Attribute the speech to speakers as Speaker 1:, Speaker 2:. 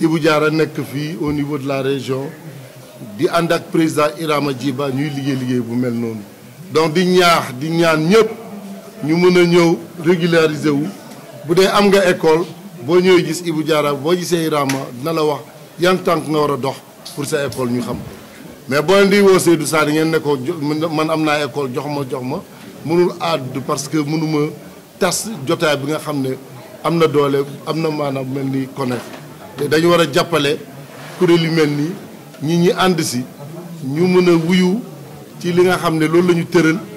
Speaker 1: Ibou Diarra nekk au niveau de la région di andak président Irama Djiba ñuy liggéey liggéey bu mel non donc di ñaar di ñaan ñëpp ñu mëna ñëw régulariser wu bu dé am nga école bo ñëw gis Ibou Diarra boo gisee Irama dina la wax yan nga wara dox pour sa école ñu xam mais bo leen wo Seydou Sarr ngeen ne ko man amna école joxma joxma mënul add parce que mënuma tas jotaay bi nga xamné amna am na doole am na connaître te dañu war a jàppale kuréel yu mel nii ñi ñi ànd si ñu mën a wuyu ci li nga xam ne loolu la ñu tëral